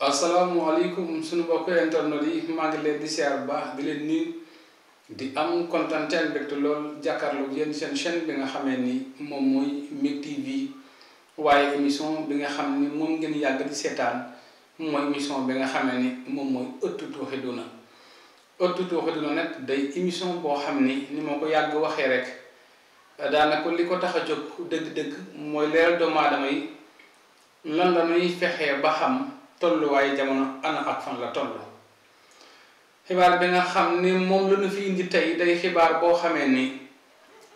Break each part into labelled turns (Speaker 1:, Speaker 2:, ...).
Speaker 1: asalaamualeykum suñu mbokk internet yi maa ngi leen di siyaar bu baax di leen nuyu di am kontaan te mbégte lool jàkkaarloog yéen seen chaîne bi nga xamee ni moom mooy MIG bi waaye émission bi nga xam ni moom ngeen yàgg di seetaan mooy émission bi nga xamee ni moom mooy ëttu Tooxiduna ëttu Tooxiduna nag day émission boo xam ni ni ma ko yàgg waxee rek daanaka li ko tax a jóg dëgg-dëgg mooy leer doomu aadama yi lan la ñuy fexee ba xam. tolluwaayu jamono ana ak fan la toll xibaar bi nga xam ni moom la ñu fi indi tey day xibaar boo xamee ni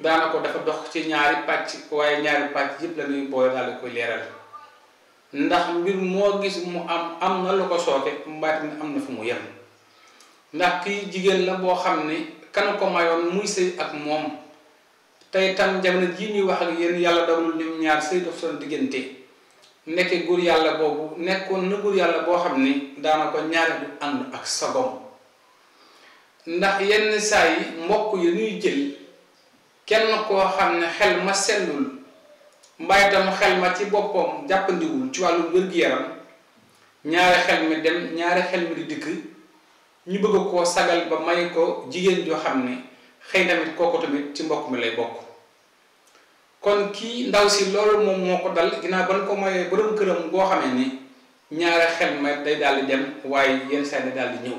Speaker 1: daana ko dafa dox ci ñaari pàcc waaye ñaari pàcc yëpp lañuy ñuy boole daal koy leeral ndax mbir moo gis mu am am na lu ko sooke mbaat ni am na fu mu yem ndax kii jigéen la boo xam ni kan ko mayoon muy sëy ak moom tey tam jamono jii ñuy wax ak yéen yàlla dawul ñoom ñaar sëy dox seen diggante nekke góor yàlla boobu nekkoon na góor yàlla boo xam ni daana ko ñaare du ànd ak sagom ndax yenn saa yi mbokk yi ñuy jël kenn koo xam ne xel ma sellul mbay tam xel ma ci boppam jàppandiwul ci wàllu wér-gu-yaram ñaari xel mi dem ñaari xel mi di dikk ñu bëgg koo sagal ba may ko jigéen joo xam ne xëy tamit kooku tamit ci mbokk mi lay bokk kon kii ndaw si loolu moom moo ko dal ginnaaw ban ko mooyee borom këram boo xamee ni ñaare xel ma day daal di dem waaye yenn saa day daal di ñëw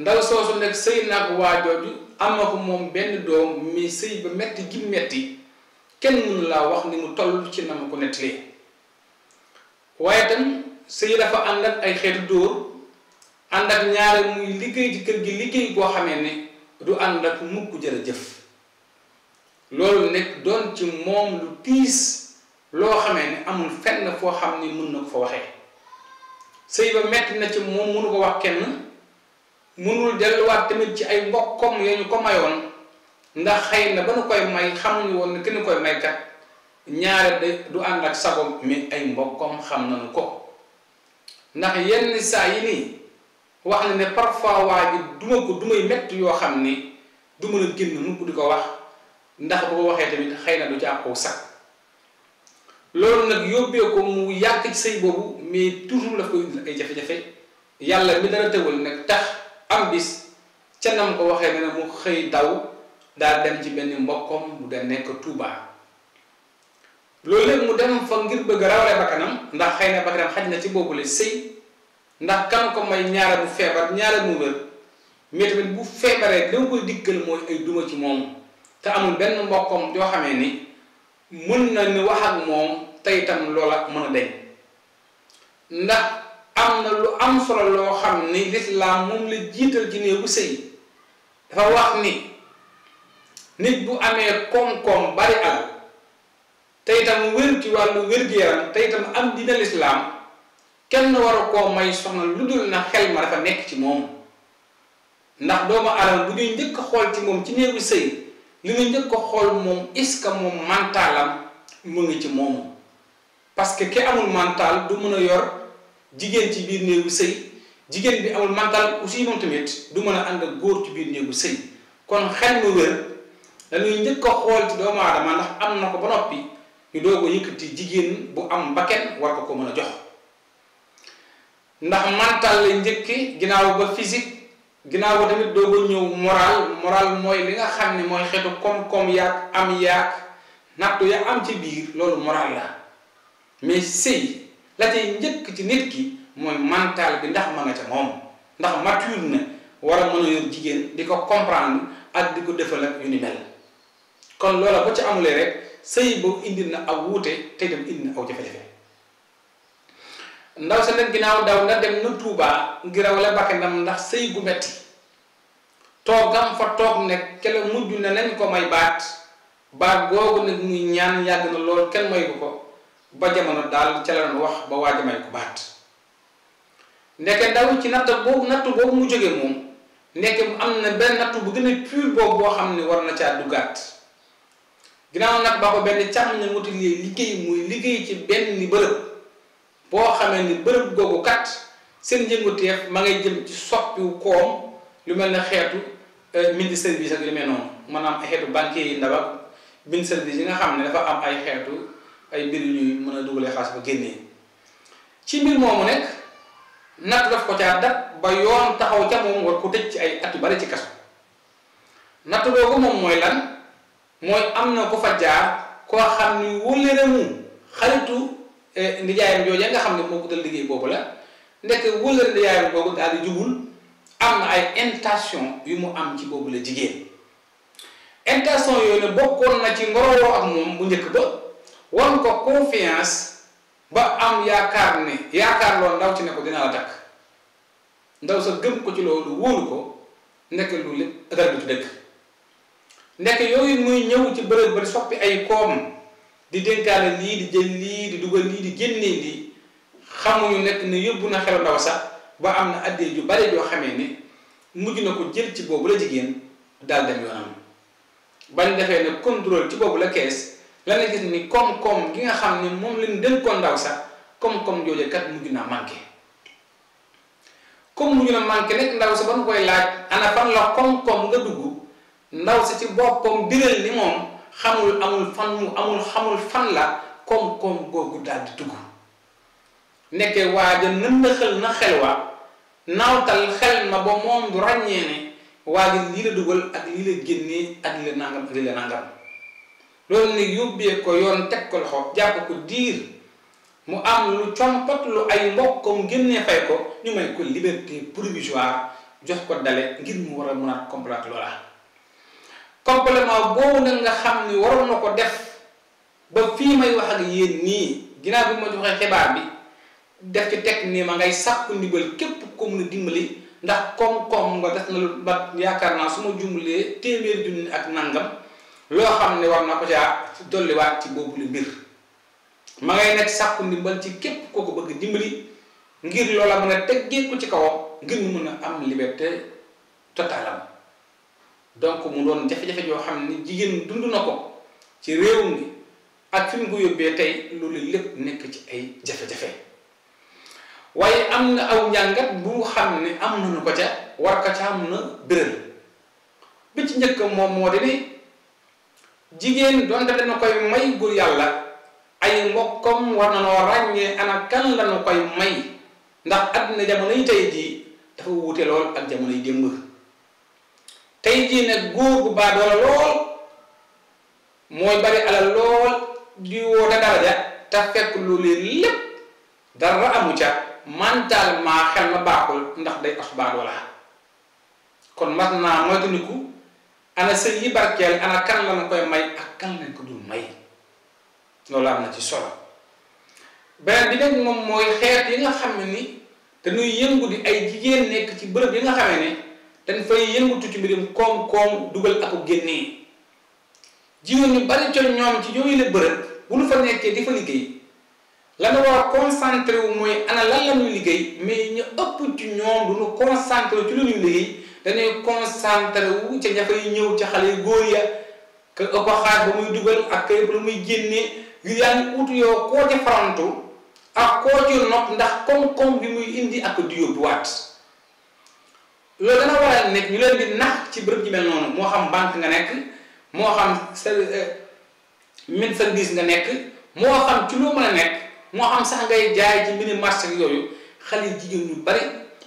Speaker 1: ndaw soosu nag sëy nag waa am na ko moom benn doom mi sëy ba metti gi metti kenn mënu laa wax ni mu toll ci na ma ko nettalee waaye tam sëy dafa ànd ak ay xeetu dóor ànd ak ñaare muy liggéey ci kër gi liggéey boo xamee ne du ànd ak mukk jëf loolu nekk doon ci moom lu piis loo xamee ne amul fenn foo xam ni mën na ko fa waxee sëy ba metti na ci moom mënu ko wax kenn mënul delluwaat tamit ci ay mbokkom yoo ñu ko mayoon ndax xëy na ba nu koy may xamuñu woon ne ki nu koy may kat de du ànd ak sagom mi ay xam nañu ko ndax yenn saa yi nii wax na ne parfois waa ji duma ko dumay metti yoo xam ni du mën a génn mukk di ko wax ndax bu ko waxee tamit xëy na du ci àqu sax loolu nag yóbbee ko mu yàq ci sëy boobu mais toujours daf koy indil ay jafe-jafe yàlla mi dara tëwal nag tax am bis ca nam ko waxee ne mu xëy daw daal dem ci benn mbokkom bu da nekk Touba. loolu lépp mu dem fa ngir bëgg rawale bakkanam ndax xëy na bakkanam xaj na ci boobu la sëy ndax kan ko may ñaara mu feebar ñaara mu mais tamit bu feebaree dama koy dikkal mooy ay duma ci moom te amul benn mbokkam joo xamee ni mën na ni wax ak moom tey tam loola mën a deñ ndax am na lu am solo loo xam ni lislaam moom la jiital ci néegu sëy dafa wax ni nit bu amee koom-koom bari al tey tam wér ci wàllu wér-gu-yaram tey tam am dina lislaam kenn war a koo may soxna lu dul na xel ma dafa nekk ci moom ndax doomu aadama bu ñuy jëkk xool ci moom ci néegu sëy li nga njëkk ko xool moom est moom mentalam mu ngi ci moomu parce que ki amul mental du mën a yor jigéen ci biir néegu sëy jigéen bi amul mental aussi moom tamit du mën a ànd ak góor ci biir néegu sëy kon xel mu wér xool ci doomu aadama ndax am na ko ba noppi ñu doo ko yëkkati jigéen bu am mbaket war ko ko mën a jox ndax mental la njëkki ginnaaw ba physique ginnaaw ba tamit doogoon ñëw moral moral mooy li nga xam ne mooy xeetu koom-koom yaag am yaag nattu ya am ci biir loolu moral la mais sëy la cay njëkk ci nit ki mooy mantaal bi ndax ma nga ca moom ndax mature na war a mën a jigéen di ko comprendre ak di ko defal ak yu ni mel kon loola ba ci amulee rek sëy boo indi na aw wuute te itam indi na aw jafe-jafe ndaw sa nag ginnaaw daw na dem na Touba ngir wala bakkanam ndax sëy gu metti toogam fa toog ne ke la mujj na nañ ko may baat baat googu nag muy ñaan yàgg na lool kenn may bu ko ba jamono daal ca la ba waaj may ko ci natt boobu natt boobu mu na benn natt bu gën boo xam ne war na caa duggaat ginnaaw na motilee liggéey muy liggéey ci benn ni bërëb boo xamee ni bërëb googu kat seen yënguteef ma ngay jëm ci soppiwu koom lu mel ne xeetu euh, mindi service ak li mel noonu maanaam ay xeetu banquier yi ndaw ak mindi service yi nga xam ne dafa am ay xeetu ay mbir yu ñuy mën a dugalee xaalis ba génnee ci mbir moomu nekk natt daf ko ca dat ba yoon taxaw ca moom war ko tëj ci ay at yu bari ci kaso natt googu moom mooy lan mooy am na ku fa jaar koo xam ni wóllëre mu xaritu Eh, nijaayam jooja nga xam ne moo utal liggéey boobu la ndekk wëllëre nijaayam boobu daal di jubul am na ay intention yu mu am ci boobu la jigéen intention yooyu ne bokkoon na ci ngorowoo ak moom bu njëkk ba wan ko confiance ba am yaakaar ne yaakaar loolu ndaw ci ne ko dinaa la takk ndaw sa gëm ko ci loolu wóolu ko nekk lu lépp dara du ci dëkk ndekk yooyu muy ñëw ci bërëb bari soppi ay koom di dénkaane lii di jël lii di dugal lii di génne lii xamuñu nekk ne yóbbu na xelu ndaw sa ba am na addee ju bari joo xamee ne mujj na ko jël ci boobu la jigéen daal dem am bañ defee ne contrôle ci boobu la kees la na gis ni koom-koom gi nga xam ne moom lañ dénkoon ndaw sa koom-koom jooje kat mujj na manqué comme mujj na manqué nag ndaw sa ba koy laaj ana fan la koom-koom nga dugg ndaw sa ci boppam biral ni moom xamul amul fan mu amul xamul fan la kom kom gogu dal di dugg nekke waaja xel na xel wa nawtal xel ma ba moom du ràññee ne waaja li la dugal ak li la génnee ak li la nangam ak lii la nangam loolu ni yóbbee ko yoon teg ko loxo jàpp ko diir mu am lu compat lu ay mbokkam génnee fay ko ñu may ko liberté provisoire jox ko dale ngir mu war a mun a comprendre loola complément boobu nag nga xam ni waroon na ko def ba fii may wax ak yéen nii ginnaaw bi ma joxee xibaar bi def ci teg nii ma ngay sàkku ndimbal képp ko mën a dimbali ndax koom-koom nga def na lu ba yaakaar naa su ma jumlee téeméer junni ak nangam loo xam ne war na ko caa dolliwaat ci boobu lu mbir ma ngay nekk sàkku ndimbal ci képp koo bëgg dimbali ngir loolu am a teggeeku ci kawam ngir mu mën a am liberté totalam donc mu doon jafe-jafe joo xam ni jigéen dund na ko ci réew mi ak fi mu ko yóbbee tey loolu lépp nekk ci ay jafe-jafe waaye am na aw njàngat bu xam ne am nañu ko ca war ko ca am na béréb bi ci njëkk moom moo di ni jigéen donte dana koy may gur yàlla ay mbokkam war na noo ràññee ana kan la ñu koy may ndax àddina jamono yi tey jii dafa wuute lool ak jamono démb tey jii nag góor gu baadoola lool mooy bari alal lool di woote daraja te fekk loolee lépp dara amu ca mentalement xel ma baaxul ndax day as baadoola kon mas naa moytandiku ana sëñ yi barkeel ana kan la koy may ak kan lañ ko dul may loolu am na ci solo beneen bi nag moom mooy xeet yi nga xam ne ni dañuy yëngu di ay jigéen nekk ci bërëb yi nga xamee ne dañ fay yëngatu ci mbirum koom-koom dugal ak génnee jigéen ñu bari coono ñoom ci yooyu la bërëb bu nu fa nekkee di fa liggéey la nga war a wu mooy ana lan liggéey mais ñu ëpp ci ñoom du ñu concentré ci lu ñuy liggéey dañuy concentré wu ca ña fay ñëw ca xale yu góor ya ka ko xaaj ba muy dugal ak kër ba muy génnee yu yaa ngi ut yow koo ca farantu ak koo ci nopp ndax koom-koom bi muy indi ak di yóbbuwaat. loolu dana waral nit ñu leen di nax ci bërëb ji mel noonu moo xam banque nga nekk moo xam sa euh, min nga nekk moo xam ci loo mën a nekk moo xam sax ngay jaay ci mini marché yooyu xale jigéen ñu bari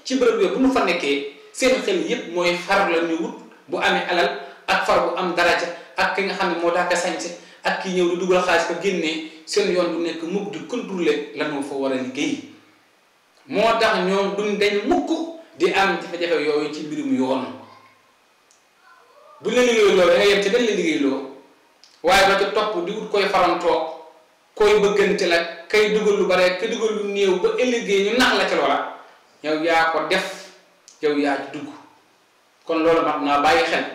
Speaker 1: ci bërëb yooyu bu ñu fa nekkee seen xel yépp mooy far la wut bu amee alal ak far bu am daraja ak ki nga xam ne moo tax ka sañse ak ki ñëw di dugal xaalis ko génnee seen yoon bu nekk mukk di contrôler lan moo fa war a liggéey moo tax ñoom duñ dañ mukk di am jafe-jafe yooyu ci mbirum yoon bu ñu la liggéey loo da nga ci dañ la liggéey loo waaye doo ci topp di wut koy farantoo koy bëggante la kay dugal lu bare kay dugal lu néew ba ëllëgee ñu nax la ci loola yow yaa ko def yow yaa ci dugg kon loolu mat naa bàyyi xel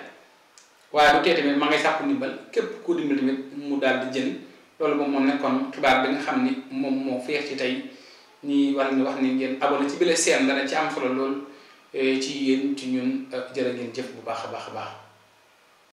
Speaker 1: waaye bu tee tamit ma ngay sàkku ndimbal képp koo dimbal tamit mu daal di jën loolu moom moo nekkoon xibaar bi nga xam ni moom moo feex ci tey ñi war ni wax nii ngeen abonné ci bile seen dana ci am solo loolu Eh, ci yéen ci ñun jërë ngeen jëf bu baax a baax a baax